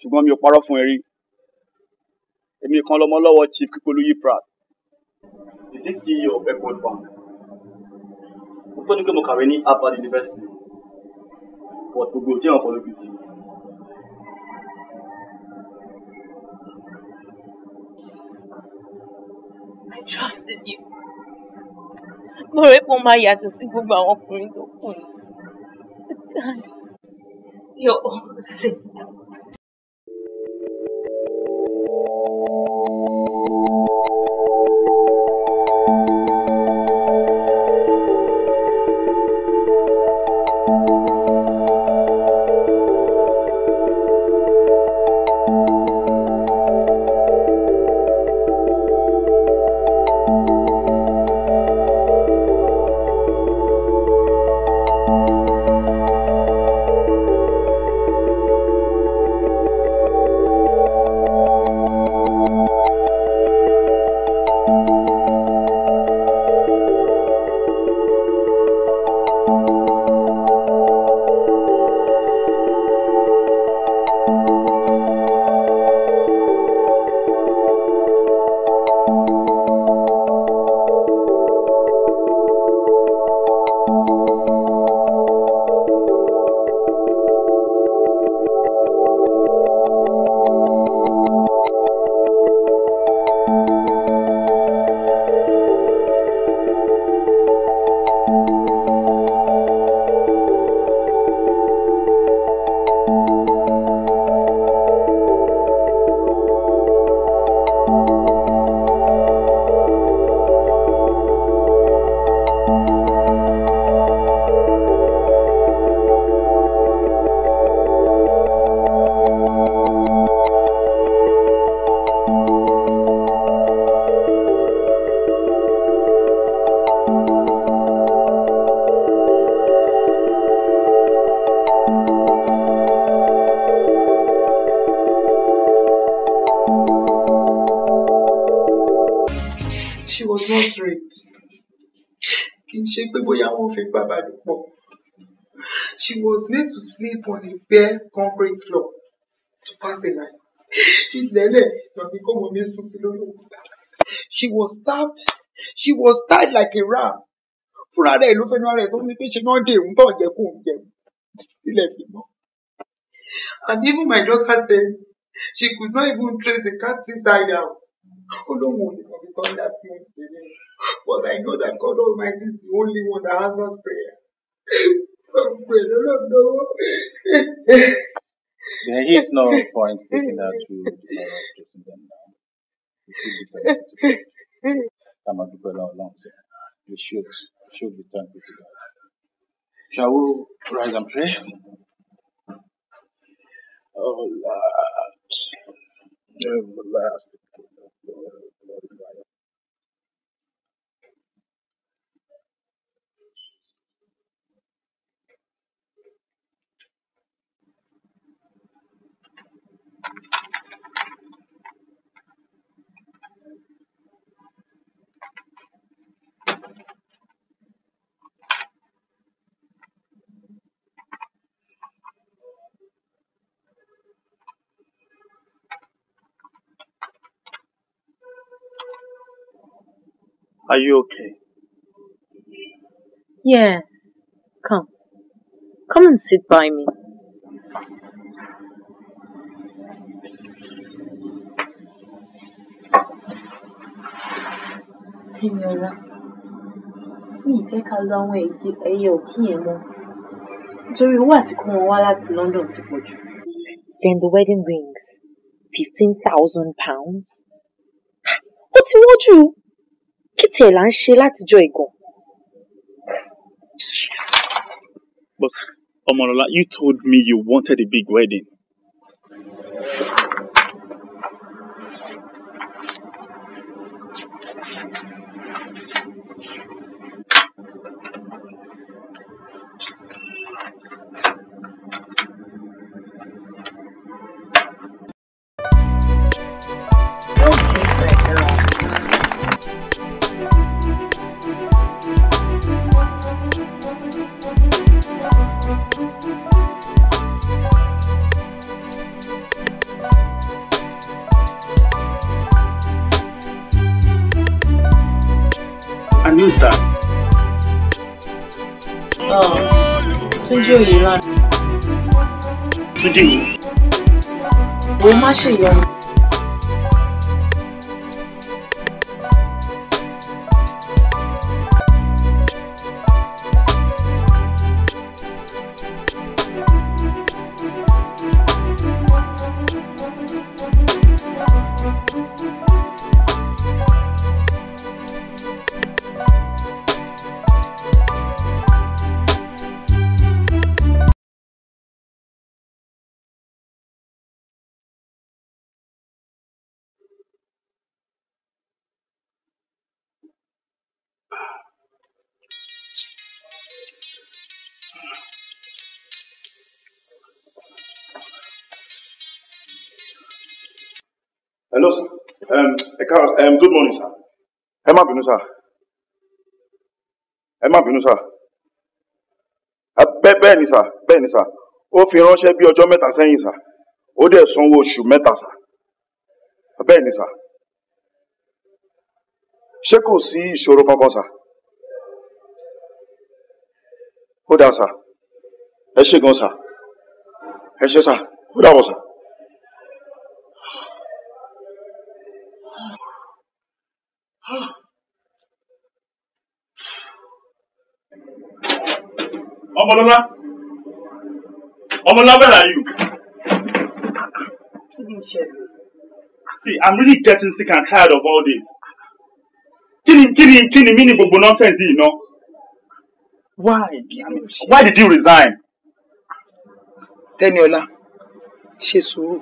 ṣùgbọ́n mi ò parọ́ fún ẹ rí èmi kan lọmọ lọ́wọ́ chief kíkolóyè pratt the late CEO of Equity Bank mo tọ́ ni pé mo kàwé ní Harvard University but gbogbo òjẹ́ wọn kọ́ ló I trusted you. Mo rẹ̀ pé mo máa yàtọ̀ sí gbogbo àwọn ọkùnrin tó kù ní. It's sad. 有是。prostrate kì í ṣe pé bóyá wọ́n fi bá pọ̀ she was made to sleep on a bare concrete floor to pass a night ìlẹ́lẹ̀ tàbí kó mọ̀ sùn sí lórí òkúta she was stabbed she was tied like a ram fúnra rẹ̀ ló fẹnu ara ẹ̀ sọ fún mi pé ṣe náà dé òun tó jẹ kó òun jẹun sílẹ̀ fi mọ́ and even my daughter said she could not even trace the cat inside out ó lóun ò lè mọ̀ bí kọ́ńdà I know that God Almighty is the only one that answers prayer. there is no point taking that to dressing uh, them down. Some of the people are We should, should be thankful to God. Shall we rise and pray? Oh, Lord, everlasting Are you okay? Yeah. Come. Come and sit by me. Tẹ́niọlá, Me take a long way to a òkín yẹn mọ́. Nítorí owó àti kó wọn wá láti London ti pọ̀ jù. Then the wedding rings, fifteen thousand pounds. Ó ti wọ́n jù tiẹ̀ là ń ṣe látijọ́ ìgàn. But Omolola, you told me you wanted a big wedding. Senhor. hello sir um, ẹ káàrọ̀ um, good morning sir ẹ má sir ẹ má sir uh, bẹ́ẹ̀ ni sir bẹ́ẹ̀ ni sir ó fi ránṣẹ́ bí ọjọ́ mẹ́ta sẹ́yìn sir ó dẹ̀ sanwó oṣù mẹ́ta sir bẹ́ẹ̀ ni sir ṣé kò sí ìṣòro kankan sir ó dáa sir ẹ ṣé gan sir ẹ ṣé sir ó dàbọ̀ sir. ọmọlọ́lá ọmọlọ́lá where are you. kí ni see i'm really getting sick and tired of all this. Kini, kini, kini, ni kí ni gbogbo nonsense yìí ná. why why did you resign. tẹniọlá ṣe sùúrù.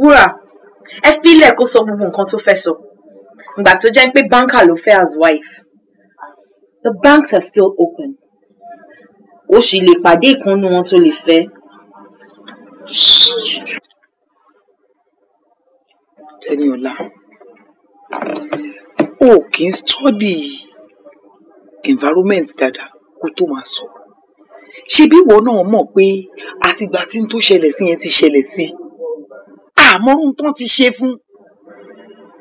wúrà ẹ fi ilé ẹ kó sọ gbogbo nǹkan tó fẹ́ sọ ìgbà tó jẹ́ pé báńkà ló fẹ́ as wife The banks are still open. Ó sì lè pàdé ìkànnì wọn tó lè fẹ́. Tẹ́niọlá, o kì í study environment dáadáa kó tó máa sọ̀rọ̀. Ṣebí ìwọ náà mọ̀ pé àtìgbà tí n tó ṣẹlẹ̀ sí yẹn ti ṣẹlẹ̀ sí i. Àmọ́rún tán ti ṣe fún.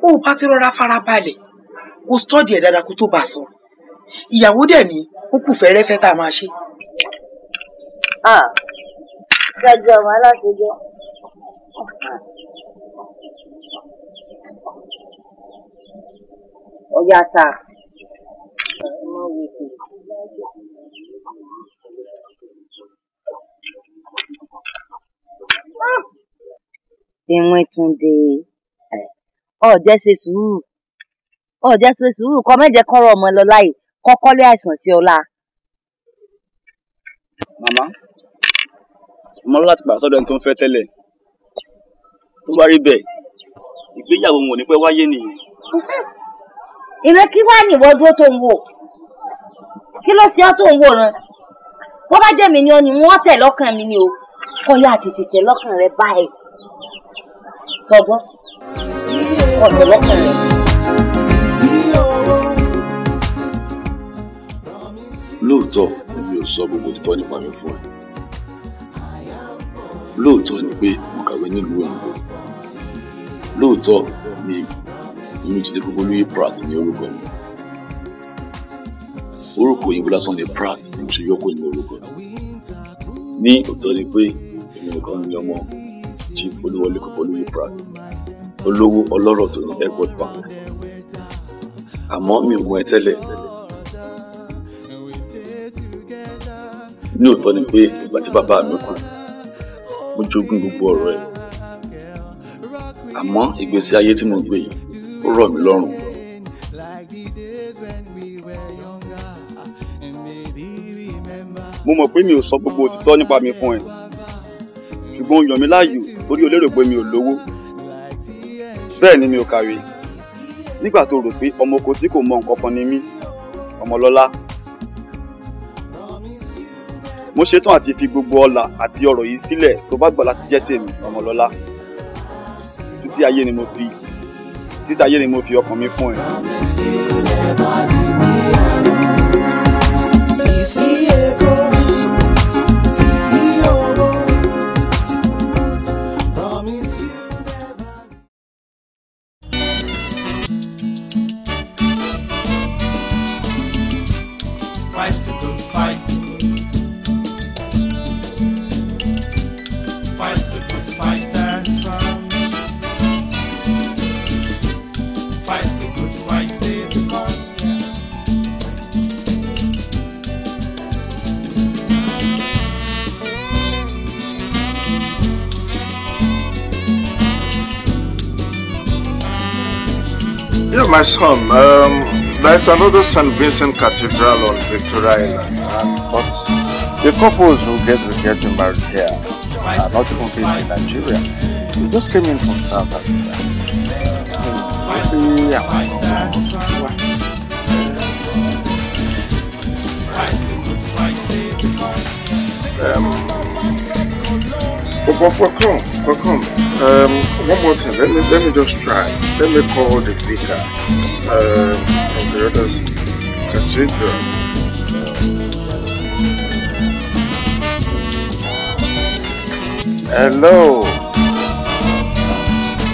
O bá ti rọra farabalẹ̀ kó study ẹ̀ dáadáa kó tó bá sọ̀rọ̀ ìyàwó dẹ̀ ní ó kù fẹ́rẹ́fẹ́ tá a máa ṣe. gbàgbé ọmọ aláṣẹjọ. ọ̀yà ta ọmọ wòkè. Ìwọ̀n Túndé ọ̀jẹ̀ ṣe sùúrù ọ̀jẹ̀ ṣe sùúrù kọ́ mẹ́jẹ̀ kọ́rọ̀ ọmọ lọ láì kọ́kọ́lé àìsàn sí ọlá. màmá mo láti pàṣẹ sọ́dọ̀ ẹni tó ń fẹ́ tẹ́lẹ̀ tó bá rí bẹ́ẹ̀ ìgbéyàwó wọn ò ní pẹ́ wáyé nìyẹn. ìwé kí wàá nìwọ dúró tó ń wò kí ló ṣe ọ́ tó ń wòran wọ́n bá jẹ́ ni ọ ni wọ́n tẹ̀ lọ́kàn mi ni o kọ́ yá tètè tẹ̀ lọ́kàn rẹ báyìí sọgbọ́n ọ̀tẹ̀ lọ́kàn rẹ. lóòótọ́ èmi ò sọ gbogbo ìtọ́ nípa mi fún ẹ lóòótọ́ ni pé mo kàwé nílùú òyìnbó lóòótọ́ mi mi ti dé gbogbo lóye Pratt ní orúkọ mi orúkọ òyìnbó lásán ni Pratt ní oṣù yọkọ ní orúkọ ní òótọ́ ni pé èmi nìkan ni ọmọ Chief Olúwọlé kọ̀ọ̀kan lóye Pratt olówó ọlọ́rọ̀ tó ní airport bank àmọ́ mi ò mọ ẹ tẹ́lẹ̀ tẹ́lẹ̀. ní òótọ́ ni pé ìgbà tí bàbá mi kú mo jogún gbogbo ọ̀rọ̀ ẹ̀ àmọ́ ìgbésí ayé tí mo gbé yìí ó rọ̀ mí lọ́rùn. mo mọ̀ pé mi ò sọ gbogbo òtítọ́ nípa mi fún ẹ ṣùgbọ́n yàn mí láàyò torí o lérò pé mi ò lówó bẹ́ẹ̀ ni mi ò kàwé nígbà tó rò pé ọmọ oko tí kò mọ nǹkan kan ni mí ọmọlọ́lá mo ṣetán àti fi gbogbo ọlà àti ọrọ̀ yìí sílẹ̀ tó bá gbà láti jẹ́ tèmi ọmọlọ́lá títí ayé ni mo fi títí ayé ni mo fi ọkàn mi fún ẹ. Sisi Eko. Thomas home. Um, there's another St. Vincent Cathedral on Victoria Island, but the couples who get get married here are not even based in Nigeria. They just came in from South Africa. Uh, um, but, but but come, but come. Um, one more thing. Let me let me just try. Let me call the vicar uh, of the other cathedral. Hello.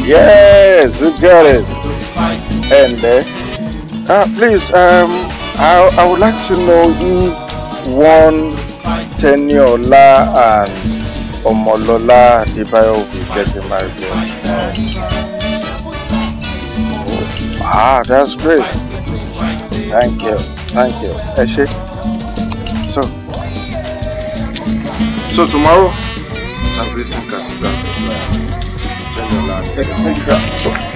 Yes, we got it. And uh, uh, please, um, I, I would like to know if one Teniola and Ọmọlọ́lá Adébáyọ̀ will get married. Oh, ah, that's great. Thank you. Thank you. Ẹ ṣé. So, so tomorrow, I'm visiting Cathedral. Thank you. Thank you.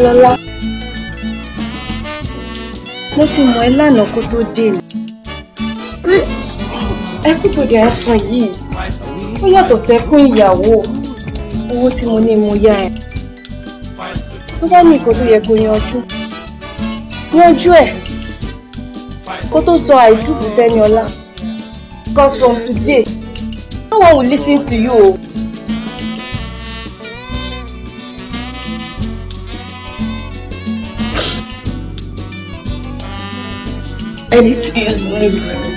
Ọlọ́lá mo ti mọ̀ ẹ́ lánàá kó tó dé ni everybody ẹ̀ fún yìí ó yàtọ̀ sẹ́kún ìyàwó owó tí mo ní mo yá ẹ̀ tó bá ní nǹkan tó yẹ kó yanjú yanjú ẹ̀ kó tó sọ àìdúgbò fẹ́ni ọlá because from today no one will listen to you o. Excuse me.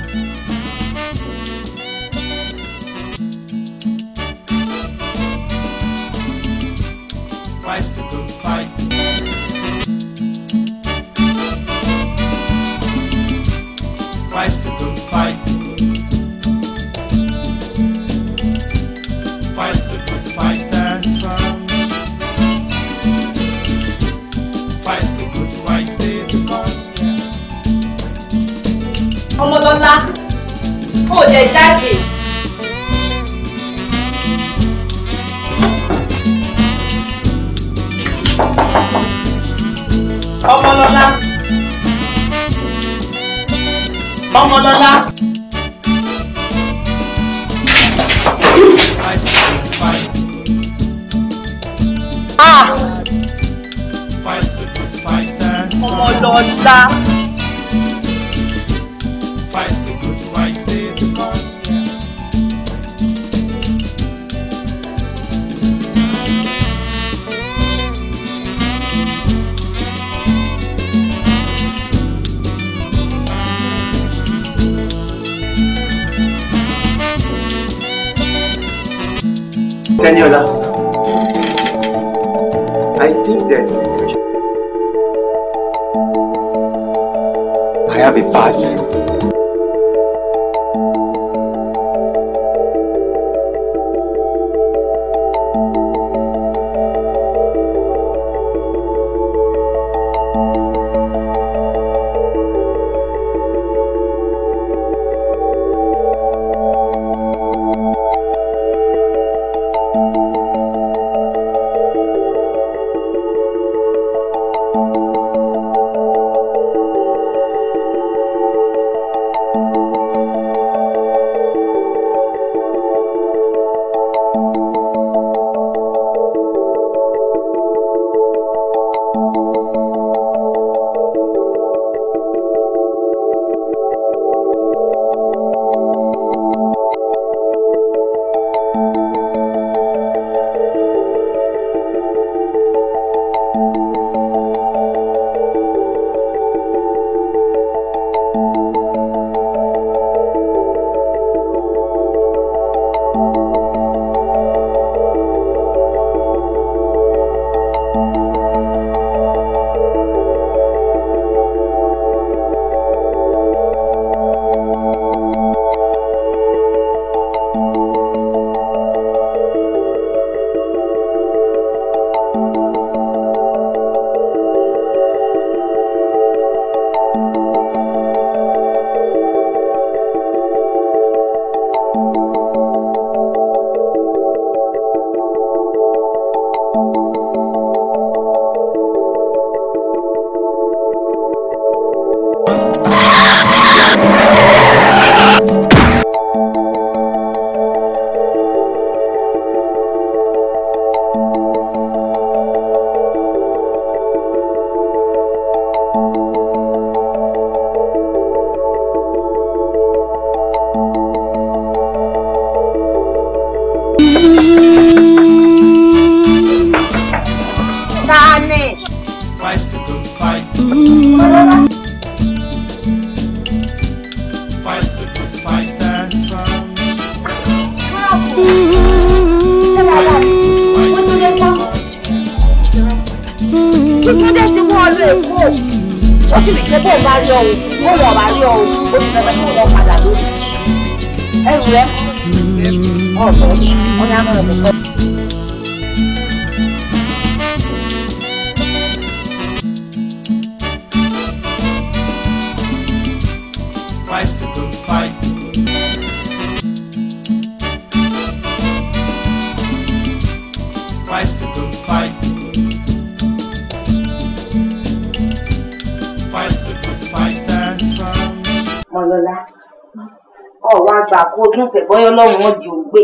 ọlọ́run wọn jò gbé.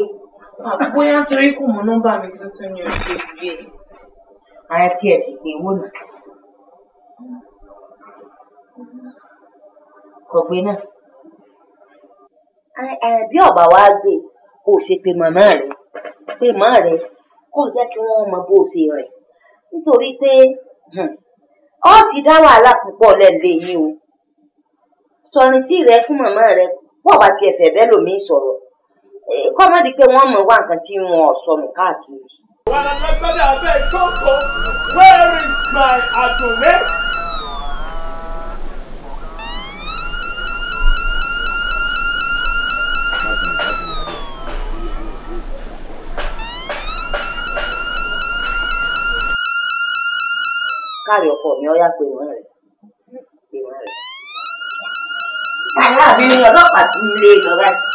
bóyá torí kò mọ nọ́mbà mi tuntun ni o ṣe gbé. ara tí ẹ sì pé wò náà. kọ̀gbé náà. bí ọ̀bà wa gbé kó o ṣe pé màmá rẹ pé màmá rẹ kó o jẹ́ kí wọ́n mọ bó o ṣe rẹ̀ nítorí pé ọ ti dá wàhálà púpọ̀ lẹ́ǹdẹ̀ yìí o sọrin sí rẹ fún màmá rẹ bọ́ọ̀ bá tiẹ̀ fẹ́ bẹ́ẹ̀ lòmíì sọ̀rọ̀ kọ́ má di pé wọ́n mọ̀ wá nǹkan tí wọn ò sọnù káàkiri. wọn alágbádá abẹ́ ìkọ́kọ̀ where is my adùnmé. káàrí ọkọ mi ọyá pé wọn rẹ pé wọn rẹ. aláàbí ni ọlọ́pàá tún lé lọ báyìí.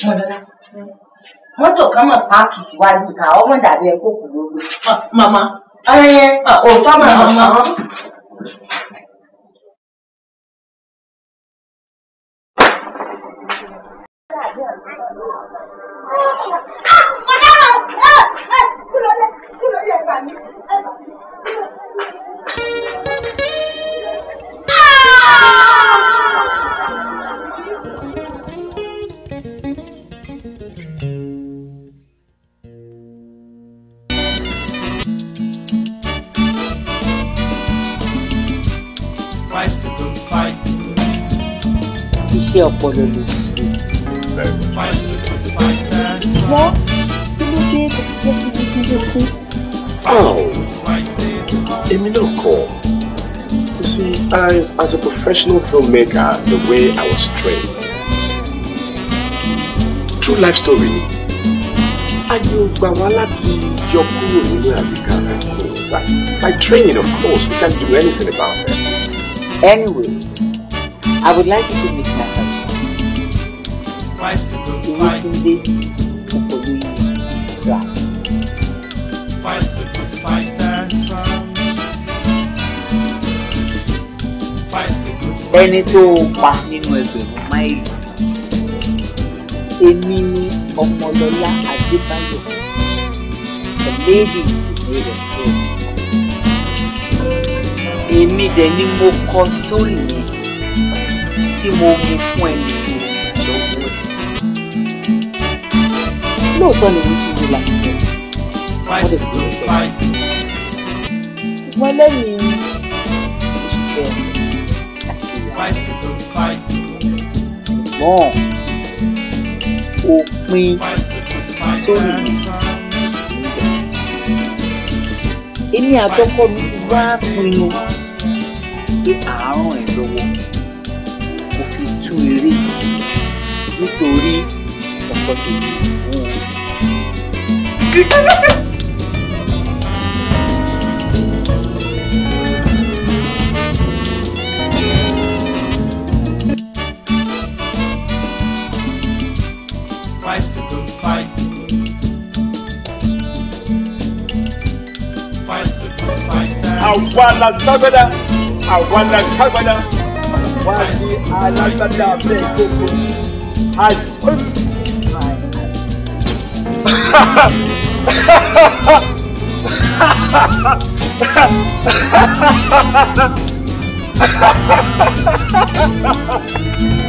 ṣọlọ́lá mọ́tò kan mọ̀ páàkì síwájú ìka ọmọ dàbí ẹ kó kù lóore. màmá òótọ́ màmá. iṣẹ́ ọpọlọ ló ṣe. wọ́n you see I, as a professional filmmaker the way I was trained true life story ayé ò by training of course we can not do anything about it. anyway I would like you to meet my Babatunde Opoloye Bright. Fight the good fight stand firm. Fight the good fight. Ẹni tó pa nínú ẹgbẹ̀rún máìlì. Èmi ni Ọmọlọ́lá Adébáyọ̀. The lady who made a story. Èmi dẹ̀ ni mo kọ sórí yẹn tí mo mú fún ẹni. lóòótọ́ ni mo ti wùlà wọ́n lè fi lè sọ. wọ́n lẹ́yìn oṣù kẹrin àṣeyà ṣùgbọ́n òpin tó lè èmi àtọkọ mi ti wá pinnu pé àárọ̀ ẹ̀ lọ́wọ́ mo fi tú eré yìí ṣe nítorí but to be who. àwa la sábẹ́dá àwa la sábẹ́dá wá sí alágbádá bẹ́ẹ̀ gbogbo àjọ. ハハハハハ